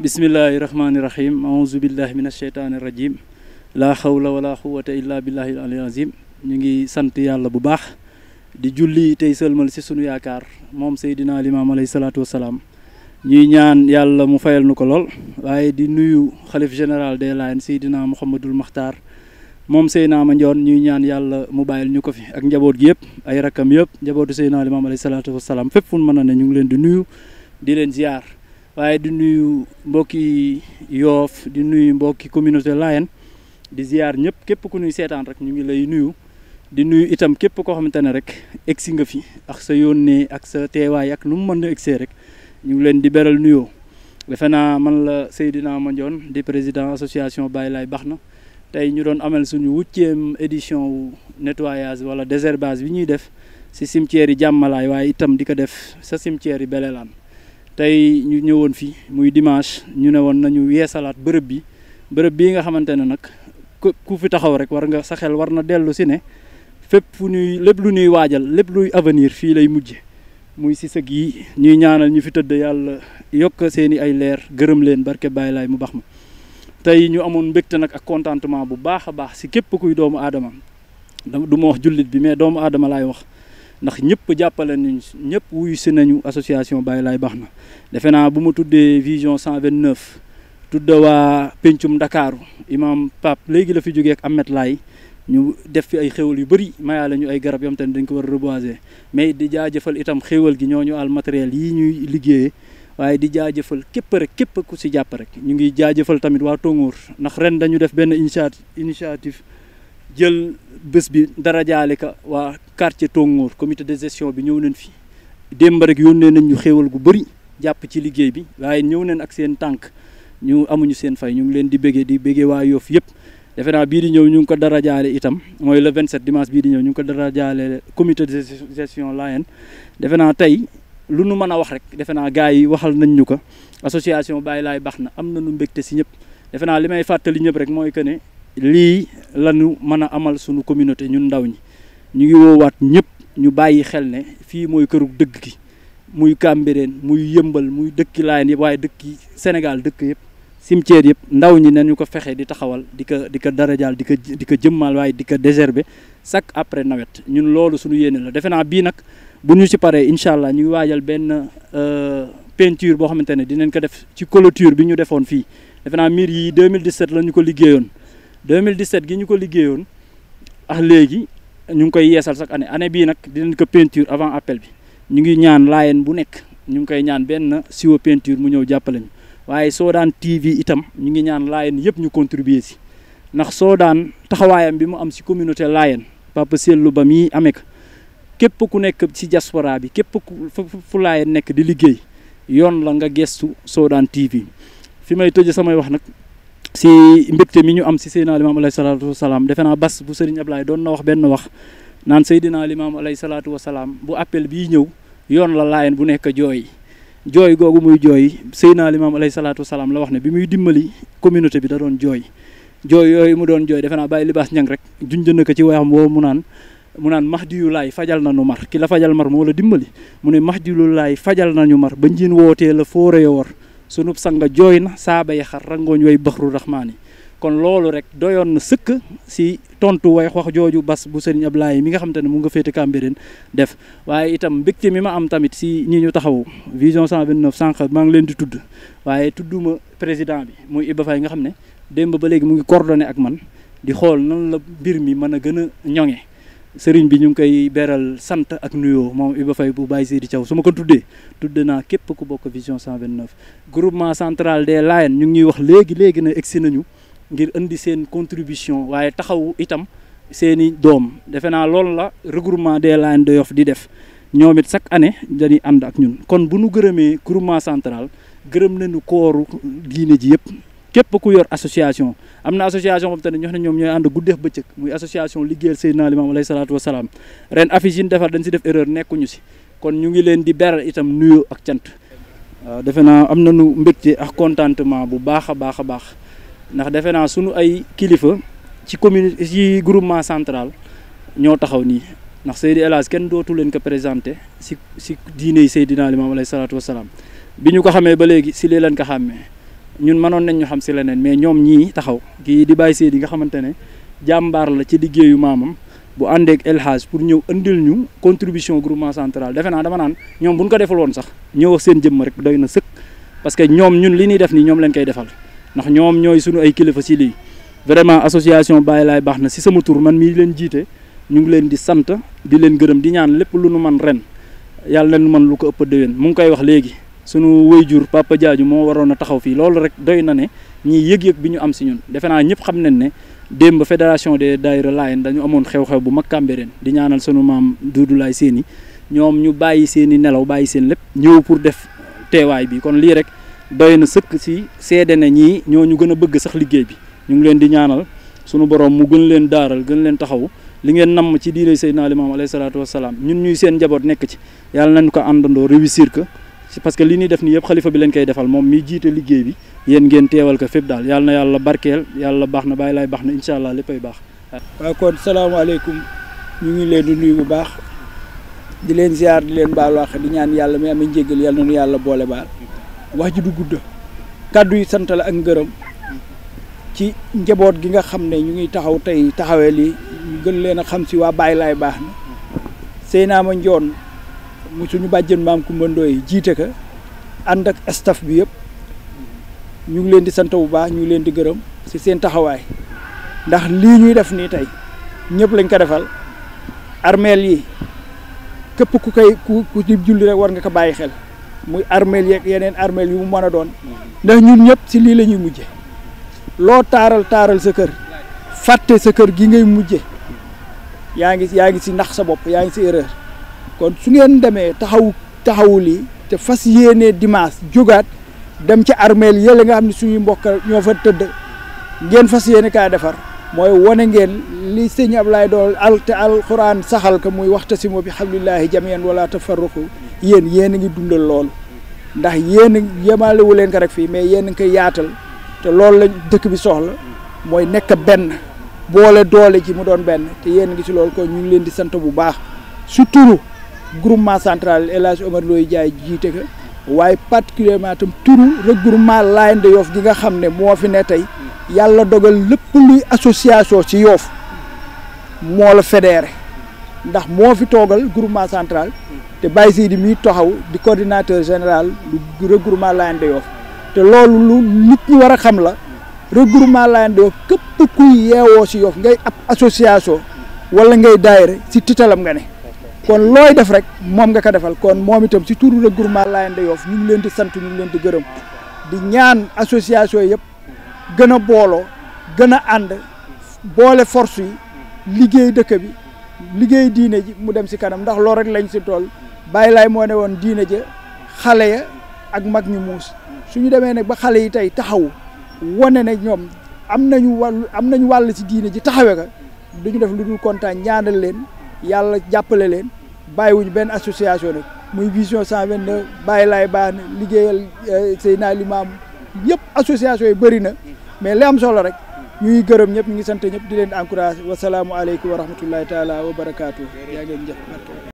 bismillahi rahmaani rahim aouzu billahi min asheytaani rajim laa xawla wala quwata illa billahi aliyul azim ñu ngi sant yàlla bu baax di julli tey sëlmal si sunu yaakaar moom seydina limaam alayhi salaatu wasalaam ñuy ñaan yàlla mu fayal nu ko lool waaye di nuyu xalif général des Layènes seydina Mouhamadul Makhtar moom Seydina Mandione ñuy ñaan yàlla mu bàyyil ñu ko fi ak njaboot gi yëpp ay rakkam yëpp njabootu Seydina Limaam alayhi salaatu wasalaam fépp fu mën a ne ñu ngi leen di nuyu di leen ziar waaye di nuyu mbokki yoof di nuyu mbokki communauté Layène di ziar ñëpp képp ku nuy seetaan rek ñu ngi lay nuyu di nuyu itam képp koo xamante ne rek egsi nga fi ak sa yónnee ak sa teewaay ak nu mu mën a egsee rek ñu ngi leen di beral nuyoo defe naa man la Seydina Mandione di président association Baye baax na tey ñu doon amal suñu huitième édition wu nettoyage wala désherbage bi ñuy def si cimetière yi jàmmalaay waaye itam di ko def sa cimetière yi Belelaan tey ñu ñëwoon fii muy dimanche ñu ne woon nañu yeesalaat bërëb bi bërëb bii nga xamante ne nag ku fi taxaw rek war nga sa xel war na dellu si ne fépp fu ñuy lépp lu ñuy waajal lépp luy avenir fii lay mujje muy si sëg yi ñuy ñaanal ñu fi tëdd yàlla yokk seeni ay leer gërëm leen barke bàyyi Laay mu baax ma tey ñu amoon mbégte nag ak contentement bu baax a baax si képp kuy doomu aadama du ma wax jullit bi mais doomu aadama laay wax ndax ñëpp jàppale nañu ñëpp wuyu si nañu association Baye Laye baax na defe naa bu ma tuddee vision 129 tudda waa pencum ndakaaru imam pap léegi la fi jógee ak Ahmed Laye ñu def fi ay xéwal yu bëri mayaa la ay garab yoo te ne dañ ko war a reboiser mais di jaajëfal itam xéwal gi ñoo ñu àll matériel yii ñuy liggéeyee waaye di jaajëfal képp rek képp ku si jàpp rek ñu ngi jaajëfal tamit waa Tongoor ndax ren dañu def benn initiative jël bés bi dara jaale ka waa quartier Tongoor comité de gestion bi ñëw nañ fi démb rek yónnee nañ ñu xéewal gu bëri jàpp ci liggéey bi waaye ñëw neen ak seen tànk ñu amuñu seen fay ñu ngi leen di béggee di béggee waa Yoff yëpp defe naa bii di ñëw ñu ngi ko dara jaale itam mooy le 27 dimanche bii di ñëw ñu ngi ko dara jaale comité de gestion Layène defe naa tey lu nu mën a wax rek defe naa gars yi waxal nañ ñu ko association Baye Laye baax na am na nu mbégte si ñëpp defe naa li may fàttali ñëpp rek mooy que ne lii lañu mën a amal sunu communauté ñun ndaw ñi ñu ngi woowaat ñëpp ñu bàyyi xel ne fii mooy këru dëgg ki muy Cambérène muy yëmbal muy dëkki Layeen yëpp waaye dëkki Sénégal dëkk yëpp cimetière yëpp ndaw ñi nañu ko fexe di taxawal di ko di ko darajaal di ko di ko jëmmal waaye di ko désherber chaque après nawet ñun loolu sunu yéene la defe naa bii nag bu ñu si paree incha allah ñu ngi waajal benn euh, peinture boo xamante ne dinañ ko def ci clôture bi ñu defoon fii defe naa miir yi 2017 la ñu ko liggéeyoon 2017 gi ñu ko liggéeyoon ax léegi ñu ngi koy yeesal sax année année bii nag dinañ ko peinture avant appel bi ñu ngi ñaan laayeen bu nekk ñu ngi koy ñaan benn siwo peinture mu ñëw jàppale ñu waaye Soodaan TV itam ñu ngi ñaan laayeen yëpp ñu contribuer si ndax soo daan taxawaayam bi mu am si communauté laayeen Papa lu ba muy amee ko képp ku nekk ci diaspora bi képp ku fu laayeen nekk di liggéey yoon la nga gestu Soodaan TV fi may tëj samay wax nag. si mbégte mi ñu am si Seydina Limaamu alayhi salaatu wasalaam defe naa bas bu Serigne laay doon na wax benn wax naan Seydina Limaamu alayhi salaatu wasalaam bu appel bii ñëw yoon la laayan bu nekk jooy jooy googu muy jooy Seydina Limaamu alayhi salaatu wasalaam la wax ne bi muy dimbali communauté bi da doon jooy jooy yooyu mu doon jooy defe naa bàyyi libaas ñang rek junjën na ko ci waxam woo mu naan mu naan Mahdiyu laay fajal na nu mar ki la fajal mar moo la dimbali mu ne Mahdiyu laay fajal nañu mar ba njiin wootee la foore yo war sunub sanga jooy na saaba ya xar rangooñ way baxru raxmaani kon loolu rek doyoon na sëkk si tontu way wax jooju bas bu seen sëriñ Ablaye mi nga xam te ne mu nga féete Cambérène def waaye itam mbégte mi ma am tamit si ñi ñu taxaw vision 129 sànq maa ngi leen di tudd waaye tudduma président bi muy Iba Faye nga xam ne démb ba léegi mu ngi coordonné ak man di xool nan la mbir mi mën a gën a ñoŋe sëriñ bi ñu ngi koy beral sant ak nuyoo moom Iba fay bu see di Thiaw su ma ko tuddee tudde naa képp ku bokk vision 129 groupement central de Layènes ñu ngi wax léegi léegi na egsi nañu ngir indi seen contribution waaye taxawu itam seeni doom defe naa loolu la regroupement des Layènes de Yoff di def ñoom it chaque année dañuy ànd ak ñun kon bu nu gërëmee groupement central gërëm nañu kooru giine ji yëpp képp ku yor association am na association boobu tamit ñoo xam ne ñoom ñooy ànd guddeef bëccëg muy association liggéeyal Seydina Limaamu alayhi salaatu wasalaam ren affiche yi ñu defar dañ si def erreur nekkuñu si kon ñu ngi leen di beral itam nuyu ak cant waaw defe naa am na nañu mbégte ak contentement bu baax a baax a baax ndax defe naa suñu ay kilifa ci commune ci groupement central ñoo taxaw nii ndax Seydi El Hadj kenn dootu leen ko présenté si si diine yi Seydina Limaamu alayhi salaatu wasalaam bi ñu ko xamee ba léegi si lii leen ko xàmmee ñun manoon nañ ñu xam si leneen mais ñoom ñii taxaw kii di Baye Seydi nga xamante ne jàmbaar la ci liggéeyu maamam bu àndeek El pour ñëw indil ñu contribution groupement central defe naa dama naan ñoom bu ñu ko defal woon sax ñëw wax seen jëmm rek doy na sëkk parce que ñoom ñun li ñuy def nii ñoom leen koy defal ndax ñoom ñooy suñu ay kilifa si lii vraiment association Baye Laye baax na si sama tur man mii leen jiite ñu ngi leen di sant di leen gërëm di ñaan lépp lu nu man ren yàlla na nu man lu ko ëpp mu ngi koy wax léegi sunu wayjur papa jaaju moo waroon a taxaw fii loolu rek doy na ne ñii yëg-yëg bi ñu am si ñun defe naa ñëpp xam nañ ne démb fédération de daayira Layène dañu amoon xew-xew bu mag Cambérène di ñaanal sunu maam Doudou Laye Séni ñoom ñu bàyyi seen i nelaw bàyyi seen lépp ñëw pour def teewaay bi kon lii rek doy na sëkk si seede ne ñii ñoo ñu gën a bëgg sax liggéey bi ñu ngi leen di ñaanal sunu borom mu gën leen daaral gën leen taxaw li ngeen namm ci diine Seydina Limaamu alayhi salaatu wasalaam ñun ñuy seen nekk ci yàlla nañ ko àndandoo réussir que parce que li ni def ni yeb khalifa bi leen koy defal mom mi jité liggéey bi yeen ngeen teewal ko fépp dal. yalla na yalla barkel yalla baxna na lay baxna inshallah na bax allah léppay assalamu alaykum ñu ngi leen di nuyu bu baax di leen ziar di leen baal wax di ñaan yalla mi am njéggal yalla nañu yalla boole baal wax ji du gudd kaddu yi sant la ak ngërëm ci njabot gi nga xam ne ñu ngi taxaw tay taxawé li gën leena xam ci wa bay lay baxna na mu suñu bàjjen maam Kumba jiite ka ànd ak staf bi yëpp ñu ngi leen di sant bu baax ñu ngi leen di gërëm si seen taxawaay ndax lii ñuy def nii tey ñëpp lañ ko defal armeel yi képp ku koy ku ku di julli rek war nga ko bàyyi xel muy armeel yeeg yeneen armeel yu mu mën a doon ndax ñun ñëpp si lii lañuy ñuy mujje loo taaral taaral sa kër fàtte sa kër gi ngay mujje yaa ngi yaa ngi si nax sa bopp yaa ngi si erreur kon su ngeen demé taxaw taxaw li te fas yene dimas jógaat dem ci ye yële nga xamni suñu mbokk ñoo fa teud ngeen fas yene ka defar moy woné ngeen li seigne Ablaye dool al te qur'an saxal ko muy simo bi xablillahi jami'an wala tafarruqu yeen yene ngi dundal loolu ndax yéen wu len ko rek fi mais yéen ngi yaatal te lol la dekk bi soxla moy nek ben boole doole ci mu doon ben te yéen ngi ci loolu ko ñu ngi leen di sante bu baax su turu groupement central El Hadj Omar Looy Jaay jiite ka waaye particulièrement tam turu regroupement Layène de Yoff gi nga xam ne moo fi ne tey yàlla dogal lépp luy association ci yoof moo la fédéré ndax moo fi toogal groupement central te Baye di mi taxaw di coordinateur général du regroupement Layène te loolu lu nit ñi war a xam la regroupement Layène de Yoff kuy yeewoo ci Yoff ngay ab association wala ngay daayira si titalam nga ne kon looy def rek moom nga ko defal kon moom itam si turu regroupement Layène de Yoff ñu leen di sant ñu ngi leen di gërëm di ñaan association yëpp gën a booloo gën a ànd boole force yi liggéey dëkk bi liggéey diine ji mu dem si kanam ndax loolu rek lañ si tool bàyyi laay moo ne woon diine ja xale ya ak mag ñu muus ñu demee ne ba xale yi tey taxaw wane ne ñoom am nañu wàll am nañu wàll si diine ji taxawe ka duñu def lu dul kontaan ñaanal leen yàlla jàppale leen bàyyi bàyyiwuñ benn association nag muy vision 122 bàyyi laay baax na liggéeyal sey euh, Seydina Limamou yëpp association yi bëri na mais li am solo rek ñuy gërëm ñëpp ñu ngi sant ñëpp di leen encouragé wasalaamualeykum wa rahmatullahi taala wa barakaatu yaa ngeen jëf